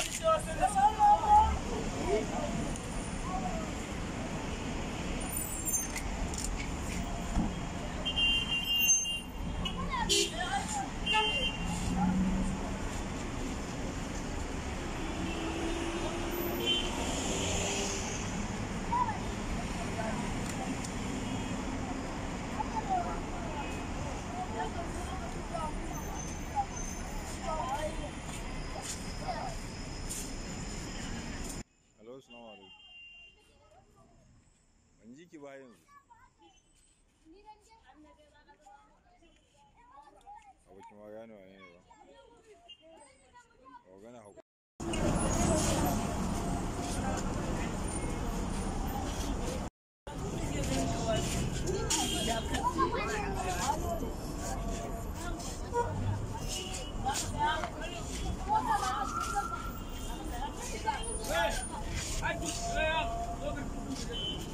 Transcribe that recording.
God is yours in this उष्णवारी म्हणजे की वायन abokin magana wane ne ba magana hau Yeah. 哎，来呀，我跟你说。